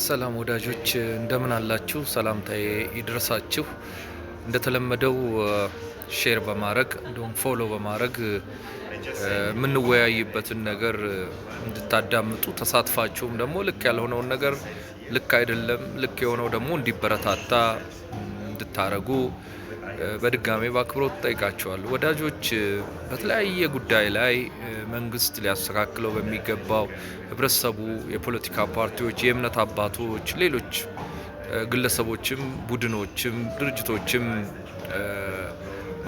ሰላም ወዳጆች እንደምን አላችሁ? ሰላምታዬ ይድረሳችሁ። እንደተለመደው ሼር በማድረግ እንዲሁም ፎሎ በማድረግ የምንወያይበትን ነገር እንድታዳምጡ ተሳትፋችሁም ደግሞ ልክ ያልሆነውን ነገር ልክ አይደለም፣ ልክ የሆነው ደግሞ እንዲበረታታ እንድታረጉ በድጋሜ በአክብሮት ጠይቃቸዋል። ወዳጆች በተለያየ ጉዳይ ላይ መንግስት ሊያስተካክለው በሚገባው ህብረተሰቡ፣ የፖለቲካ ፓርቲዎች፣ የእምነት አባቶች፣ ሌሎች ግለሰቦችም ቡድኖችም ድርጅቶችም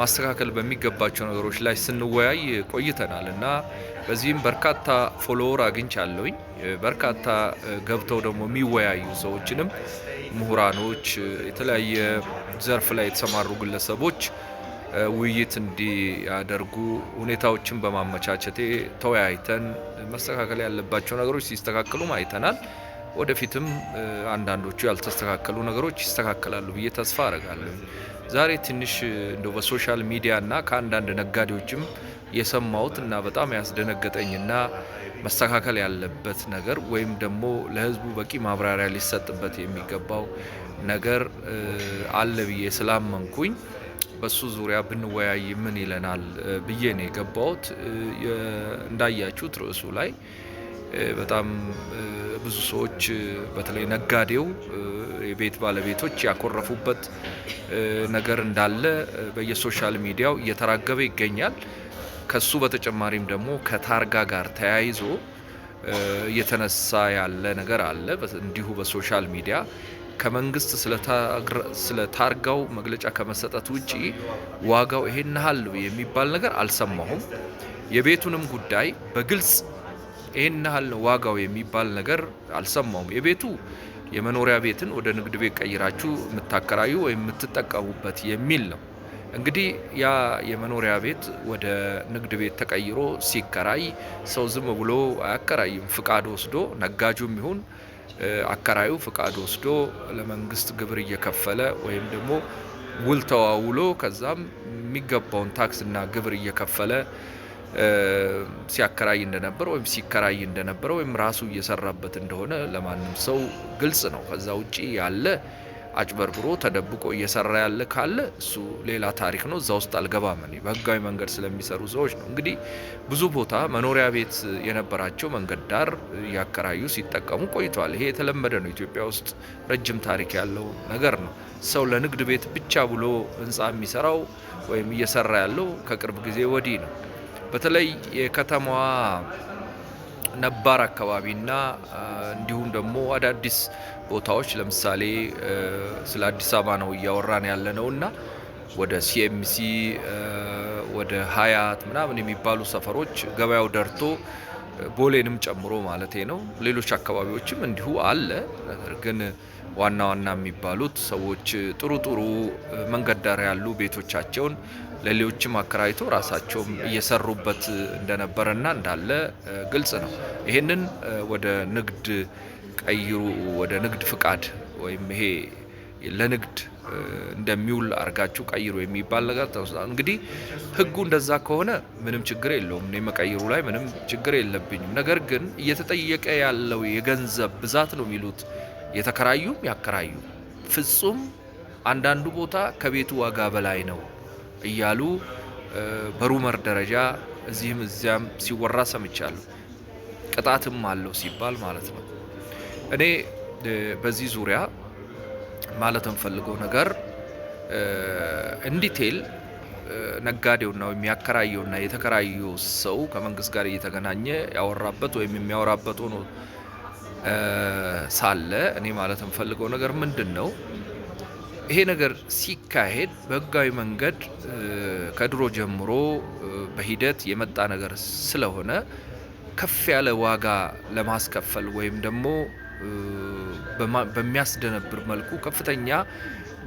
ማስተካከል በሚገባቸው ነገሮች ላይ ስንወያይ ቆይተናል እና በዚህም በርካታ ፎሎወር አግኝቻለሁኝ። በርካታ ገብተው ደግሞ የሚወያዩ ሰዎችንም ምሁራኖች፣ የተለያየ ዘርፍ ላይ የተሰማሩ ግለሰቦች ውይይት እንዲያደርጉ ሁኔታዎችን በማመቻቸቴ ተወያይተን መስተካከል ያለባቸው ነገሮች ሲስተካከሉም አይተናል። ወደፊትም አንዳንዶቹ ያልተስተካከሉ ነገሮች ይስተካከላሉ ብዬ ተስፋ አረጋለሁ። ዛሬ ትንሽ እንደ በሶሻል እና ከአንዳንድ ነጋዴዎችም የሰማሁት እና በጣም ያስደነገጠኝና መስተካከል ያለበት ነገር ወይም ደግሞ ለሕዝቡ በቂ ማብራሪያ ሊሰጥበት የሚገባው ነገር አለ ብዬ ስላመንኩኝ በሱ ዙሪያ ብንወያይ ምን ይለናል ብዬ ነው የገባሁት። እንዳያችሁት ርዕሱ ላይ በጣም ብዙ ሰዎች በተለይ ነጋዴው የቤት ባለቤቶች ያኮረፉበት ነገር እንዳለ በየሶሻል ሚዲያው እየተራገበ ይገኛል። ከሱ በተጨማሪም ደግሞ ከታርጋ ጋር ተያይዞ እየተነሳ ያለ ነገር አለ። እንዲሁ በሶሻል ሚዲያ ከመንግስት ስለ ታርጋው መግለጫ ከመሰጠት ውጪ ዋጋው ይሄን ያህል የሚባል ነገር አልሰማሁም። የቤቱንም ጉዳይ በግልጽ ይህን ያህል ዋጋው የሚባል ነገር አልሰማውም። የቤቱ የመኖሪያ ቤትን ወደ ንግድ ቤት ቀይራችሁ የምታከራዩ ወይም የምትጠቀሙበት የሚል ነው። እንግዲህ ያ የመኖሪያ ቤት ወደ ንግድ ቤት ተቀይሮ ሲከራይ ሰው ዝም ብሎ አያከራይም። ፍቃድ ወስዶ ነጋጁም ይሁን አከራዩ ፍቃድ ወስዶ ለመንግስት ግብር እየከፈለ ወይም ደግሞ ውል ተዋውሎ ከዛም የሚገባውን ታክስና ግብር እየከፈለ ሲያከራይ እንደነበረ ወይም ሲከራይ እንደነበረ ወይም ራሱ እየሰራበት እንደሆነ ለማንም ሰው ግልጽ ነው። ከዛ ውጭ ያለ አጭበርብሮ ተደብቆ እየሰራ ያለ ካለ እሱ ሌላ ታሪክ ነው። እዛ ውስጥ አልገባም። እኔ በህጋዊ መንገድ ስለሚሰሩ ሰዎች ነው። እንግዲህ ብዙ ቦታ መኖሪያ ቤት የነበራቸው መንገድ ዳር እያከራዩ ሲጠቀሙ ቆይተዋል። ይሄ የተለመደ ነው። ኢትዮጵያ ውስጥ ረጅም ታሪክ ያለው ነገር ነው። ሰው ለንግድ ቤት ብቻ ብሎ ህንፃ የሚሰራው ወይም እየሰራ ያለው ከቅርብ ጊዜ ወዲህ ነው። በተለይ የከተማዋ ነባር አካባቢና እንዲሁም ደግሞ አዳዲስ ቦታዎች ለምሳሌ ስለ አዲስ አበባ ነው እያወራን ያለ ነው እና ወደ ሲኤምሲ ወደ ሀያት ምናምን የሚባሉ ሰፈሮች ገበያው ደርቶ ቦሌንም ጨምሮ ማለቴ ነው። ሌሎች አካባቢዎችም እንዲሁ አለ። ነገር ግን ዋና ዋና የሚባሉት ሰዎች ጥሩ ጥሩ መንገድ ዳር ያሉ ቤቶቻቸውን ለሌሎችም አከራይቶ ራሳቸውም እየሰሩበት እንደነበረና እንዳለ ግልጽ ነው። ይህንን ወደ ንግድ ቀይሩ፣ ወደ ንግድ ፍቃድ ወይም ይሄ ለንግድ እንደሚውል አድርጋችሁ ቀይሩ የሚባል ነገር እንግዲህ ህጉ እንደዛ ከሆነ ምንም ችግር የለውም። እኔ መቀየሩ ላይ ምንም ችግር የለብኝም። ነገር ግን እየተጠየቀ ያለው የገንዘብ ብዛት ነው የሚሉት የተከራዩም ያከራዩ ፍጹም አንዳንዱ ቦታ ከቤቱ ዋጋ በላይ ነው እያሉ በሩመር ደረጃ እዚህም እዚያም ሲወራ ሰምቻለሁ። ቅጣትም አለው ሲባል ማለት ነው። እኔ በዚህ ዙሪያ ማለት የምፈልገው ነገር እንዲቴል ነጋዴውና የሚያከራየውና የተከራየው ሰው ከመንግስት ጋር እየተገናኘ ያወራበት ወይም የሚያወራበት ሆኖ ሳለ እኔ ማለት የምፈልገው ነገር ምንድን ነው? ይሄ ነገር ሲካሄድ በህጋዊ መንገድ ከድሮ ጀምሮ በሂደት የመጣ ነገር ስለሆነ ከፍ ያለ ዋጋ ለማስከፈል ወይም ደግሞ በሚያስደነብር መልኩ ከፍተኛ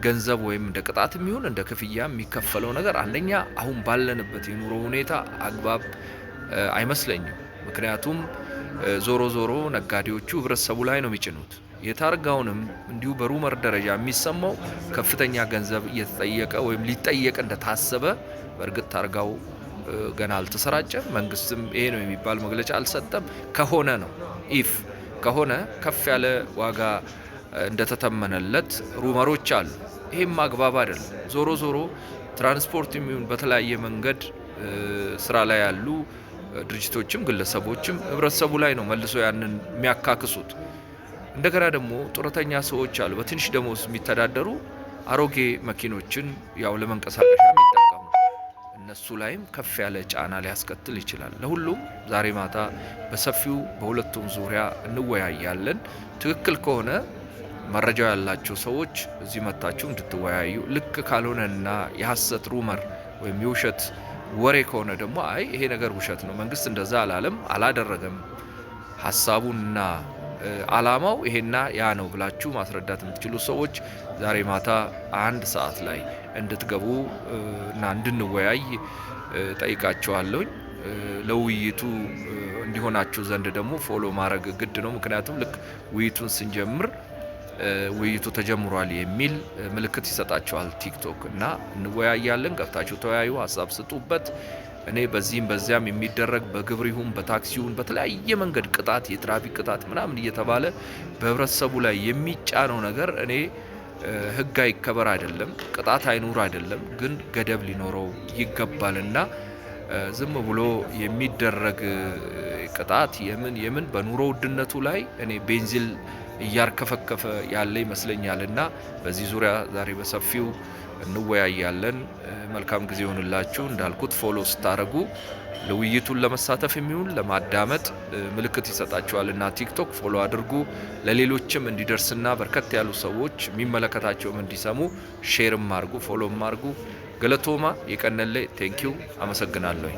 ገንዘብ ወይም እንደ ቅጣት የሚሆን እንደ ክፍያ የሚከፈለው ነገር አንደኛ አሁን ባለንበት የኑሮ ሁኔታ አግባብ አይመስለኝም። ምክንያቱም ዞሮ ዞሮ ነጋዴዎቹ ህብረተሰቡ ላይ ነው የሚጭኑት። የታርጋውንም እንዲሁ በሩመር ደረጃ የሚሰማው ከፍተኛ ገንዘብ እየተጠየቀ ወይም ሊጠየቅ እንደታሰበ በእርግጥ ታርጋው ገና አልተሰራጨ፣ መንግስትም ይሄ ነው የሚባል መግለጫ አልሰጠም። ከሆነ ነው ኢፍ ከሆነ ከፍ ያለ ዋጋ እንደተተመነለት ሩመሮች አሉ። ይህም አግባብ አይደለም። ዞሮ ዞሮ ትራንስፖርት የሚሆን በተለያየ መንገድ ስራ ላይ ያሉ ድርጅቶችም ግለሰቦችም ህብረተሰቡ ላይ ነው መልሶ ያንን የሚያካክሱት። እንደገና ደግሞ ጡረተኛ ሰዎች አሉ፣ በትንሽ ደሞዝ የሚተዳደሩ አሮጌ መኪኖችን ያው ለመንቀሳቀሻ የሚጠቀሙ እነሱ ላይም ከፍ ያለ ጫና ሊያስከትል ይችላል። ለሁሉም ዛሬ ማታ በሰፊው በሁለቱም ዙሪያ እንወያያለን። ትክክል ከሆነ መረጃው ያላቸው ሰዎች እዚህ መታችሁ እንድትወያዩ፣ ልክ ካልሆነና የሀሰት ሩመር ወይም የውሸት ወሬ ከሆነ ደግሞ አይ ይሄ ነገር ውሸት ነው፣ መንግስት እንደዛ አላለም አላደረገም ሀሳቡና አላማው ይሄና ያ ነው ብላችሁ ማስረዳት የምትችሉ ሰዎች ዛሬ ማታ አንድ ሰዓት ላይ እንድትገቡ እና እንድንወያይ ጠይቃችኋለሁኝ። ለውይይቱ እንዲሆናችሁ ዘንድ ደግሞ ፎሎ ማድረግ ግድ ነው። ምክንያቱም ልክ ውይይቱን ስንጀምር ውይይቱ ተጀምሯል የሚል ምልክት ይሰጣችኋል ቲክቶክ እና እንወያያለን። ገብታችሁ ተወያዩ፣ ሀሳብ ስጡበት። እኔ በዚህም በዚያም የሚደረግ በግብር ይሁን በታክሲ ይሁን በተለያየ መንገድ ቅጣት፣ የትራፊክ ቅጣት ምናምን እየተባለ በህብረተሰቡ ላይ የሚጫነው ነገር እኔ ህግ አይከበር አይደለም፣ ቅጣት አይኑር አይደለም፣ ግን ገደብ ሊኖረው ይገባልና ዝም ብሎ የሚደረግ ቅጣት የምን የምን በኑሮ ውድነቱ ላይ እኔ ቤንዚል እያርከፈከፈ ያለ ይመስለኛል። እና በዚህ ዙሪያ ዛሬ በሰፊው እንወያያለን። መልካም ጊዜ ይሆንላችሁ። እንዳልኩት ፎሎ ስታደረጉ ለውይይቱን ለመሳተፍ የሚሆን ለማዳመጥ ምልክት ይሰጣችኋል እና ቲክቶክ ፎሎ አድርጉ። ለሌሎችም እንዲደርስና በርከት ያሉ ሰዎች የሚመለከታቸውም እንዲሰሙ ሼርም አድርጉ፣ ፎሎም አድርጉ። ገለቶማ የቀነለ ቴንኪው አመሰግናለሁኝ።